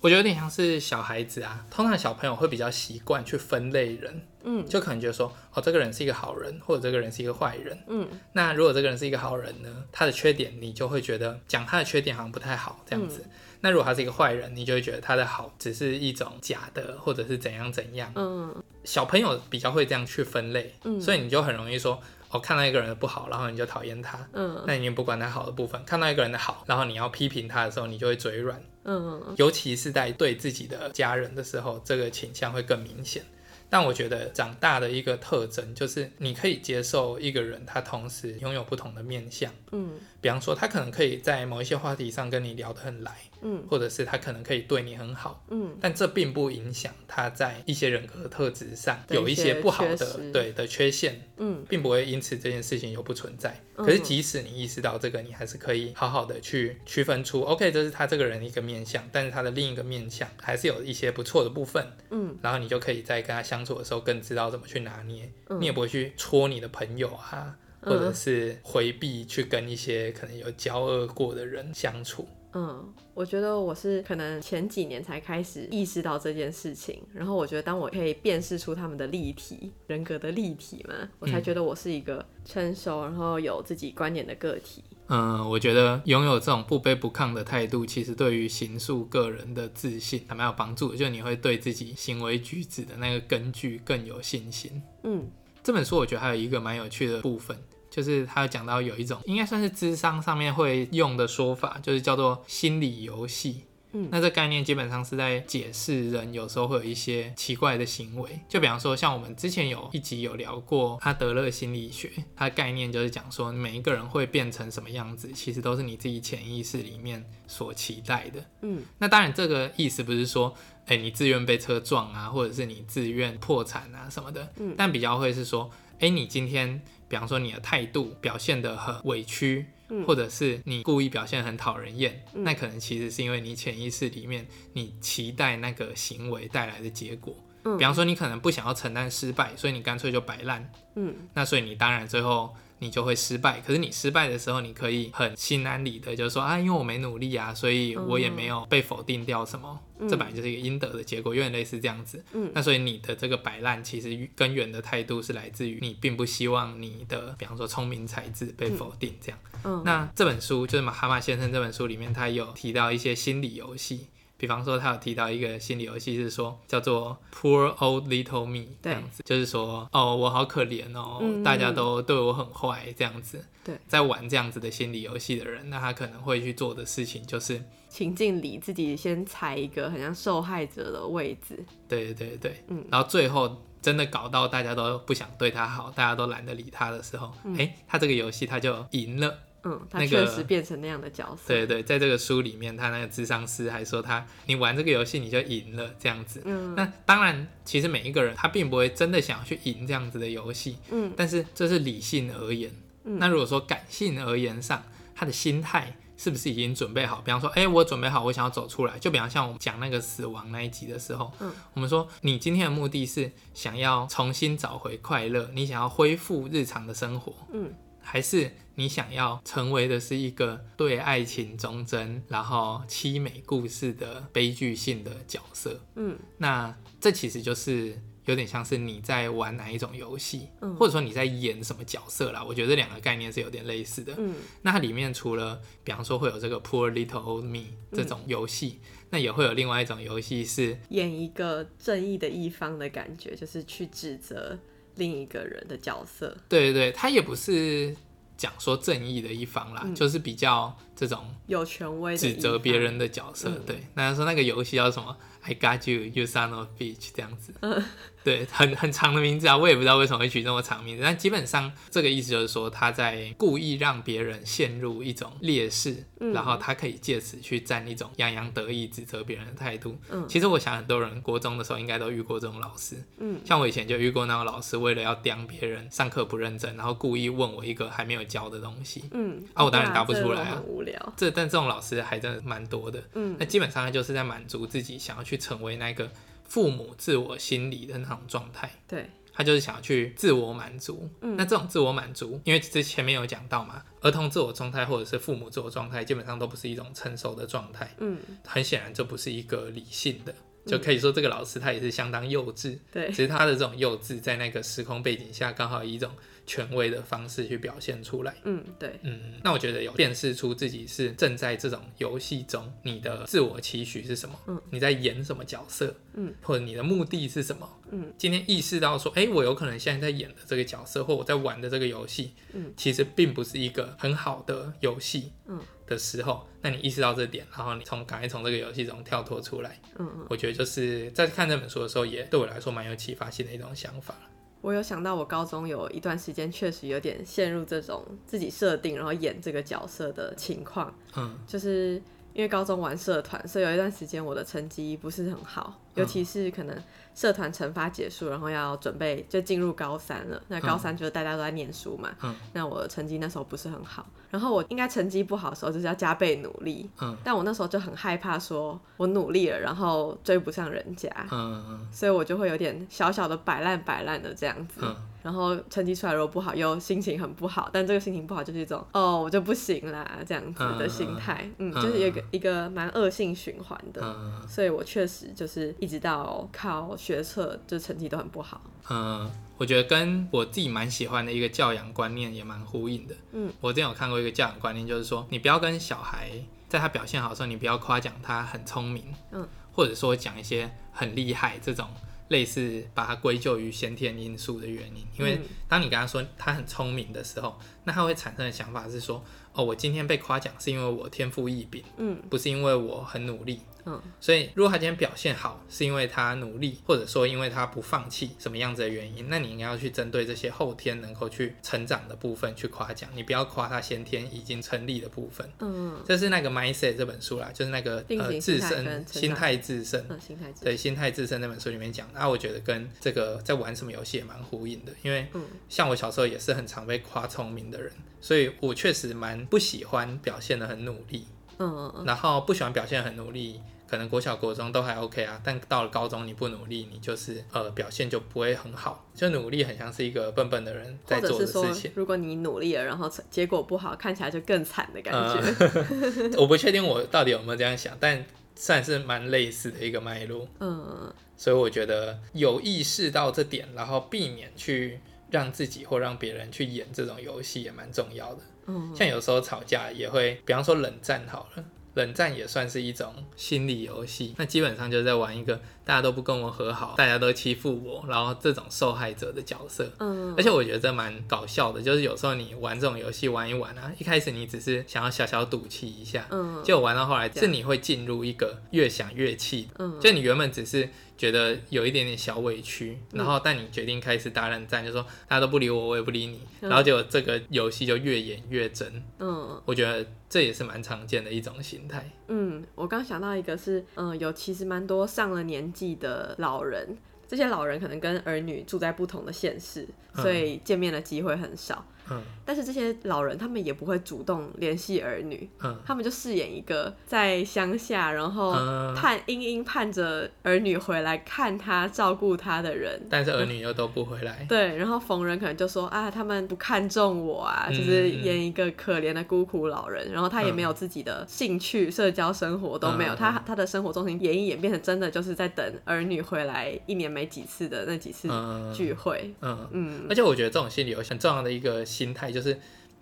我覺得有點像是小孩子啊，通常小朋友會比較習慣去分類人，嗯，就可能覺得說，哦，這個人是一個好人，或者這個人是一個壞人，嗯，那如果這個人是一個好人呢，他的缺點你就會覺得講他的缺點好像不太好，這樣子。嗯。那如果他是一個壞人，你就會覺得他的好只是一種假的，或者是怎樣怎樣。嗯、uh，huh. 小朋友比較會這樣去分類，uh huh. 所以你就很容易說，哦，看到一個人的不好，然後你就討厭他。嗯、uh，huh. 那你也不管他好的部分。看到一個人的好，然後你要批評他的時候，你就會嘴軟。嗯、uh，huh. 尤其是在對自己的家人的時候，這個傾向會更明顯。但我覺得長大的一個特徵就是，你可以接受一個人他同時擁有不同的面向。嗯、uh，huh. 比方說他可能可以在某一些話題上跟你聊得很來。嗯，或者是他可能可以對你很好，嗯，但這並不影響他在一些人格特質上有一些不好的對的缺陷，嗯，並不會因此這件事情就不存在。嗯、可是即使你意識到這個，你還是可以好好的去區分出、嗯、OK，這是他這個人一個面相，但是他的另一個面相還是有一些不錯的部分，嗯，然後你就可以在跟他相處的時候更知道怎麼去拿捏，嗯、你也不會去戳你的朋友啊，或者是回避去跟一些可能有交惡過的人相處。嗯，我覺得我是可能前幾年才開始意識到這件事情，然後我覺得當我可以辨識出他們的立體人格的立體嘛，我才覺得我是一個成熟，然後有自己觀點的個體。嗯，我覺得擁有這種不卑不亢的態度，其實對於形塑個人的自信還蠻有幫助，就你會對自己行為舉止的那個根據更有信心。嗯，這本書我覺得還有一個蠻有趣的部分。就是他有講到有一種應該算是諮商上面會用的說法，就是叫做心理遊戲。嗯，那這概念基本上是在解釋人有時候會有一些奇怪的行為。就比方說，像我們之前有一集有聊過阿德勒心理學，它的概念就是講說每一個人會變成什麼樣子，其實都是你自己潛意識裡面所期待的。嗯，那當然這個意思不是說，欸，你自願被車撞啊，或者是你自願破產啊什麼的。嗯，但比較會是說，欸，你今天。比方說你的態度表現得很委屈，或者是你故意表現得很討人厭，嗯、那可能其實是因為你潛意識裡面你期待那個行為帶來的結果。嗯、比方說你可能不想要承擔失敗，所以你乾脆就擺爛。嗯，那所以你當然最後。你就會失敗。可是你失敗的時候，你可以很心安理得，就是說啊，因為我沒努力啊，所以我也沒有被否定掉什麼。嗯、這本來就是一個應得的結果，有點類似這樣子。嗯、那所以你的這個擺爛，其實根源的態度是來自於你並不希望你的，比方說聰明才智被否定這樣。嗯嗯、那這本書就是《蛤蟆先生》這本書裡面，他有提到一些心理遊戲。比方說，他有提到一個心理遊戲，是說叫做 Poor Old Little Me，這樣子對，就是說，哦，我好可憐哦，嗯嗯，大家都對我很壞，這樣子。對，在玩這樣子的心理遊戲的人，那他可能會去做的事情，就是情境裡自己先踩一個很像受害者的位置。對對對，對嗯。然後最後真的搞到大家都不想對他好，大家都懶得理他的時候，誒、嗯欸，他這個遊戲他就贏了。嗯、他確實變成那樣的角色，那個。對對，在這個書裡面，他那個諮商師還說他，你玩這個遊戲你就贏了這樣子。嗯、那當然，其實每一個人他並不會真的想要去贏這樣子的遊戲。嗯。但是這是理性而言。嗯、那如果說感性而言上，他的心態是不是已經準備好？比方說，哎，我準備好，我想要走出來。就比方像我們講那個死亡那一集的時候，嗯，我們說你今天的目的是想要重新找回快樂，你想要恢復日常的生活，嗯。還是你想要成為的是一個對愛情忠貞，然後淒美故事的悲劇性的角色？嗯，那這其實就是有點像是你在玩哪一種遊戲，嗯，或者說你在演什麼角色啦？我覺得這兩個概念是有點類似的。嗯，那它裡面除了比方說會有這個 Poor Little Old Me 這種遊戲，嗯，那也會有另外一種遊戲是演一個正義的一方的感覺，就是去指責。另一個人的角色，對，對，他也不是講說正義的一方啦，嗯、就是比較這種有權威指責別人的角色。嗯、對，那他說那個遊戲叫什麼？I got you, you son of beach 這樣子。嗯對，很很長的名字啊，我也不知道為什麼會取這麼長的名字，但基本上這個意思就是說他在故意讓別人陷入一種劣勢，嗯、然後他可以借此去占一種洋洋得意、指責別人的態度。嗯，其實我想很多人國中的時候應該都遇過這種老師。嗯，像我以前就遇過那個老師，為了要盯別人上課不認真，然後故意問我一個還沒有教的東西。嗯，啊，我當然答不出來啊，這無聊。這但這種老師還真的蠻多的。嗯，那基本上他就是在滿足自己想要去成為那個。父母自我心理的那種狀態，對，他就是想要去自我滿足。嗯，那這種自我滿足，因為這前面有講到嘛，兒童自我狀態或者是父母自我狀態，基本上都不是一種成熟的狀態。嗯，很顯然這不是一個理性的，就可以說這個老師他也是相當幼稚。對、嗯，其實他的這種幼稚，在那個時空背景下，剛好有一種。權威的方式去表現出來。嗯，對，嗯，那我覺得有辨識出自己是正在這種遊戲中，你的自我期許是什麼？嗯，你在演什麼角色？嗯，或者你的目的是什麼？嗯，今天意識到說，哎、欸，我有可能現在在演的這個角色，或我在玩的這個遊戲，嗯，其實並不是一個很好的遊戲。嗯，的時候，嗯、那你意識到這點，然後你從趕快從這個遊戲中跳脫出來。嗯，嗯，我覺得就是在看這本書的時候，也對我來說蠻有啟發性的一種想法。我有想到，我高中有一段時間確實有點陷入這種自己設定然後演這個角色的情況，嗯，就是因為高中玩社團，所以有一段時間我的成績不是很好。尤其是可能社團懲罰結束，然後要準備就進入高三了。那高三就是大家都在念書嘛。嗯、那我成績那時候不是很好，然後我應該成績不好的時候就是要加倍努力。嗯、但我那時候就很害怕，說我努力了，然後追不上人家。嗯、所以我就會有點小小的擺爛、擺爛的這樣子。嗯、然後成績出來如果不好，又心情很不好。但這個心情不好就是一種哦，我就不行啦這樣子的心態。嗯，嗯。就是一個、嗯、一個蠻惡性循環的、嗯嗯。所以我確實就是。一直到考學測，就成績都很不好。嗯，我覺得跟我自己蠻喜歡的一個教養觀念也蠻呼應的。嗯，我之前有看過一個教養觀念，就是說你不要跟小孩在他表現好的時候，你不要誇獎他很聰明。嗯，或者說講一些很厲害這種類似把他歸咎於先天因素的原因，因為當你跟他說他很聰明的時候，那他會產生的想法是說。哦，我今天被誇獎是因為我天賦異稟，嗯，不是因為我很努力，嗯，所以如果他今天表現好，是因為他努力，或者說因為他不放棄什麼樣子的原因，那你應該要去針對這些後天能夠去成長的部分去誇獎，你不要誇他先天已經成立的部分，嗯嗯，這是那個《Mindset》這本書啦，就是那個呃，致勝，心態致勝，嗯、心態致勝對，心態致勝那本書裡面講，那、啊、我覺得跟這個在玩什麼遊戲也蠻呼應的，因為像我小時候也是很常被誇聰明的人，所以我確實蠻。不喜歡表現的很努力，嗯，然後不喜歡表現得很努力，可能國小國中都還 OK 啊，但到了高中你不努力，你就是呃表現就不會很好，就努力很像是一個笨笨的人在做的事情。或者是說，如果你努力了，然後結果不好，看起來就更慘的感覺。嗯、 我不確定我到底有沒有這樣想，但算是蠻類似的一個脈絡。嗯，所以我覺得有意識到這點，然後避免去讓自己或讓別人去演這種遊戲，也蠻重要的。嗯，像有時候吵架也會，比方說冷戰好了，冷戰也算是一種心理遊戲。那基本上就在玩一個，大家都不跟我和好，大家都欺負我，然後這種受害者的角色。嗯，而且我覺得這蠻搞笑的，就是有時候你玩這種遊戲玩一玩啊，一開始你只是想要小小賭氣一下，嗯，就玩到後來是你會進入一個越想越氣，嗯，就你原本只是。覺得有一點點小委屈，然後但你決定開始打冷戰，嗯、就說大家都不理我，我也不理你，嗯、然後結果這個遊戲就越演越真。嗯，我覺得這也是蠻常見的一種心態。嗯，我剛想到一個是，是嗯，有其實蠻多上了年紀的老人，這些老人可能跟兒女住在不同的縣市，所以見面的機會很少。嗯嗯、但是這些老人他們也不會主動聯繫兒女，嗯、他們就飾演一個在鄉下，然後盼殷殷、嗯、盼着兒女回來看他、照顧他的人。但是兒女又都不回來、嗯。對，然後逢人可能就說啊，他們不看重我啊，就是演一個可憐的孤苦老人。嗯、然後他也沒有自己的興趣，嗯、社交生活都沒有。嗯、他他的生活中心演一演變成真的就是在等兒女回來，一年沒幾次的那幾次聚會。嗯嗯。嗯，而且我覺得這種心理有很重要的一個。心態就是，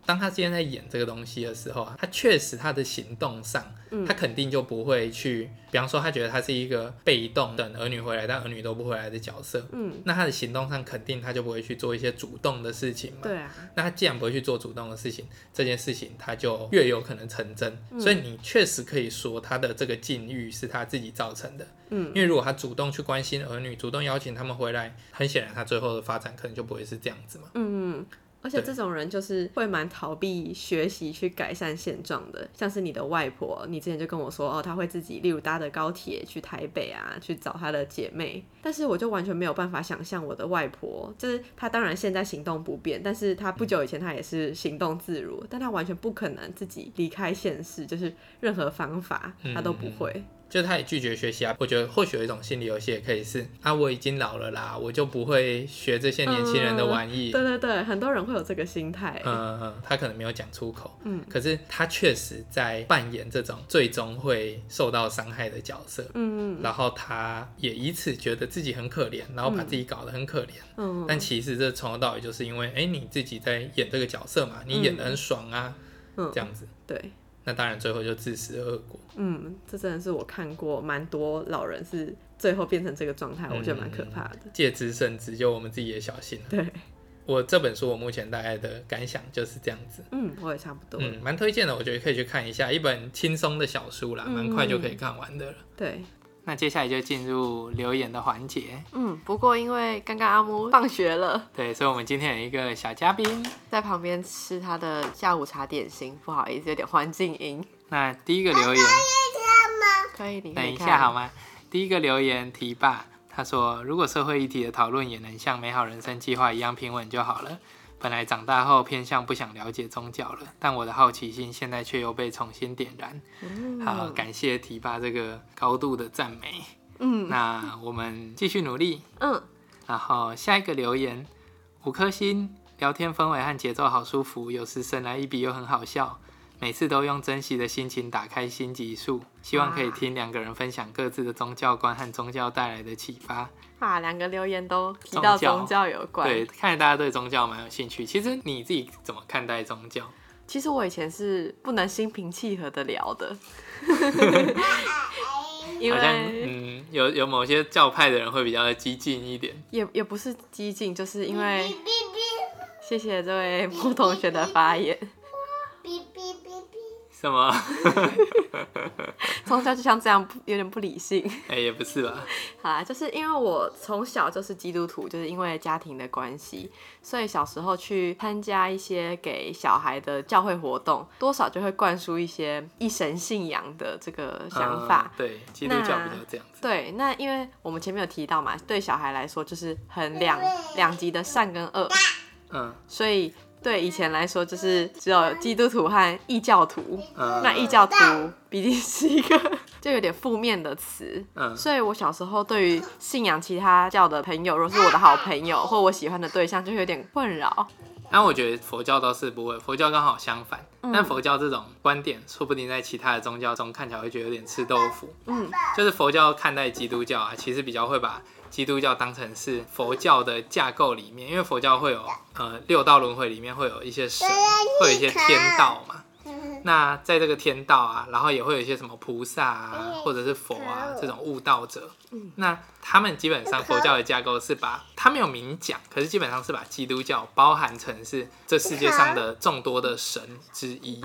當他今天在演這個東西的時候啊，他確實他的行動上，嗯，他肯定就不會去，比方說他覺得他是一個被動等兒女回來，但兒女都不回來的角色，嗯，那他的行動上肯定他就不會去做一些主動的事情嘛，對啊，那他既然不會去做主動的事情，這件事情他就越有可能成真，所以你確實可以說他的這個境遇是他自己造成的，嗯，因為如果他主動去關心兒女，主動邀請他們回來，很顯然他最後的發展可能就不會是這樣子嘛，嗯。而且這種人就是會蠻逃避學習去改善現狀的，像是你的外婆，你之前就跟我說哦，他會自己例如搭的高鐵去台北啊，去找他的姐妹，但是我就完全沒有辦法想象我的外婆，就是他當然現在行動不便，但是他不久以前他也是行動自如，嗯，但他完全不可能自己離開現實，就是任何方法他都不會。嗯嗯。就他也拒絕學習啊，我覺得或許有一種心理遊戲也可以是啊，我已經老了啦，我就不會學這些年輕人的玩意。嗯、對對對，很多人會有這個心態。嗯嗯，他可能沒有講出口，嗯，可是他確實在扮演這種最終會受到傷害的角色。嗯，然後他也以此覺得自己很可憐，然後把自己搞得很可憐。嗯，嗯，但其實這從頭到尾就是因為，哎，你自己在演這個角色嘛，你演得很爽啊，嗯嗯、這樣子。對。那當然，最後就自食惡果。嗯，這真的是我看過蠻多老人是最後變成這個狀態，嗯、我覺得蠻可怕的。戒之慎之，就我們自己也小心。對，我這本書我目前大概的感想就是這樣子。嗯，我也差不多。嗯，蠻推薦的，我覺得可以去看一下一本輕鬆的小書啦，蠻快就可以看完的了。嗯、對。那接下來就進入留言的環節。嗯，不過因為剛剛阿木放學了，對，所以我們今天有一個小嘉賓在旁邊吃他的下午茶點心，不好意思，有點環境音。那第一個留言可以，等一下好嗎？第一個留言提爸，他說：“如果社會議題的討論也能像美好人生計劃一樣平穩就好了。”本來長大後偏向不想了解宗教了，但我的好奇心現在卻又被重新點燃。好，哦，呃，感謝提拔這個高度的讚美。嗯，那我們繼續努力。嗯，然後下一個留言，五顆星，聊天氛圍和節奏好舒服，有時神來一筆又很好笑。每次都用珍惜的心情打開新集數，希望可以聽兩個人分享各自的宗教觀和宗教帶來的啟發。啊，兩個留言都提到宗教、宗教有關，對，看來大家對宗教蠻有興趣。其實你自己怎麼看待宗教？其實我以前是不能心平氣和的聊的， 因為嗯，有有某些教派的人會比較激進一點，也也不是激進，就是因為。謝謝這位木同學的發言。什麼？從 小就像這樣，有點不理性。哎、欸，也不是吧。好啦，就是因為我從小就是基督徒，就是因為家庭的關係，所以小時候去參加一些給小孩的教會活動，多少就會灌輸一些一神信仰的這個想法。嗯、對，基督教那比較這樣子。對，那因為我們前面有提到嘛，對小孩來說就是很兩兩極的善跟惡。嗯，所以。對以前來說，就是只有基督徒和異教徒。嗯、那異教徒必定是一個 就有點負面的詞，嗯、所以我小時候對於信仰其他教的朋友，如果是我的好朋友或我喜歡的對象，就會有點困擾。但我覺得佛教倒是不會，佛教剛好相反。嗯、但佛教這種觀點，說不定在其他的宗教中看起來會覺得有點吃豆腐。嗯，就是佛教看待基督教啊，其實比較會把，基督教當成是佛教的架構裡面，因為佛教會有呃六道輪迴裡面會有一些神，會有一些天道嘛。那在這個天道啊，然後也會有一些什麼菩薩啊，或者是佛啊這種悟道者。那他們基本上佛教的架構是把，他沒有明講，可是基本上是把基督教包含成是這世界上的眾多的神之一。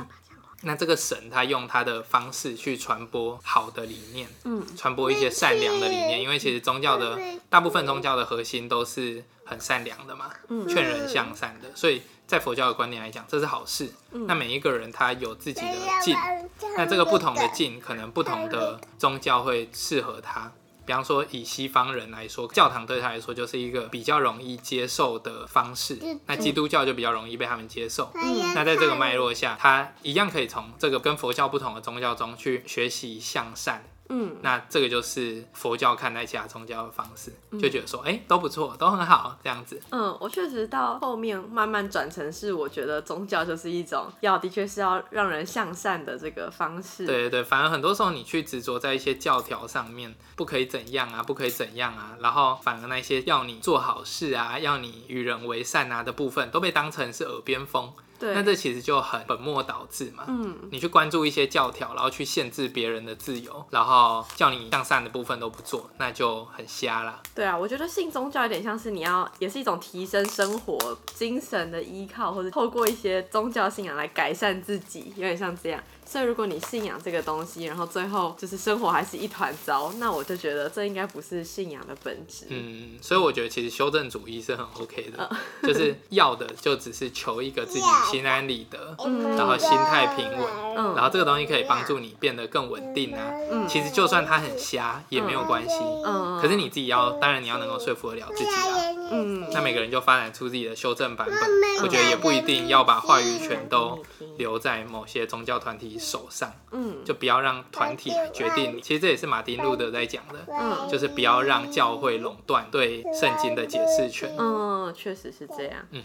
那這個神，他用他的方式去傳播好的理念，嗯，傳播一些善良的理念，因為其實宗教的大部分宗教的核心都是很善良的嘛，嗯、勸人向善的，所以在佛教的觀念來講，這是好事。嗯、那每一個人他有自己的境，嗯、那這個不同的境，可能不同的宗教會適合他。比方說，以西方人來說，教堂對他來說就是一個比較容易接受的方式，那基督教就比較容易被他們接受。嗯。那在這個脈絡下，他一樣可以從這個跟佛教不同的宗教中去學習向善。嗯，那這個就是佛教看待其他宗教的方式，嗯、就覺得說，哎、欸，都不錯，都很好，這樣子。嗯，我確實到後面慢慢轉成是，我覺得宗教就是一種要，的確是要讓人向善的這個方式。對對對，反而很多時候你去執着在一些教條上面，不可以怎樣啊，不可以怎樣啊，然後反而那些要你做好事啊，要你與人為善啊的部分，都被當成是耳邊風。對那這其實就很本末倒置嘛。嗯，你去關注一些教條，然後去限制別人的自由，然後叫你向善的部分都不做，那就很瞎啦。對啊，我覺得信宗教有點像是你要，也是一種提升生活精神的依靠，或者透過一些宗教信仰來改善自己，有點像這樣。所以如果你信仰這個東西，然後最後就是生活還是一團糟，那我就覺得這應該不是信仰的本質。嗯，所以我覺得其實修正主義是很 OK 的，嗯、就是要的就只是求一個自己心安理得，嗯、然後心態平穩，嗯、然後這個東西可以幫助你變得更穩定啊。嗯，其實就算他很瞎也沒有關係，嗯，可是你自己要，嗯、當然你要能夠說服得了自己啊。嗯，嗯，那每個人就發展出自己的修正版本，我覺得也不一定要把話語權都留在某些宗教團體上。手上，嗯，就不要讓團體來決定你。其實這也是馬丁路德在講的，嗯，就是不要讓教會壟斷對聖經的解釋權。嗯，確實是這樣，嗯。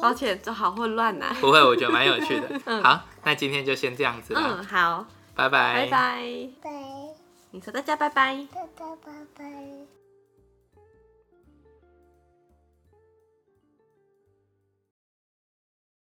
抱歉，這好混亂啊。不會，我覺得蠻有趣的。 好，那今天就先這樣子了。嗯，好，拜拜 bye，拜拜，拜。你說大家拜拜，拜拜，拜拜。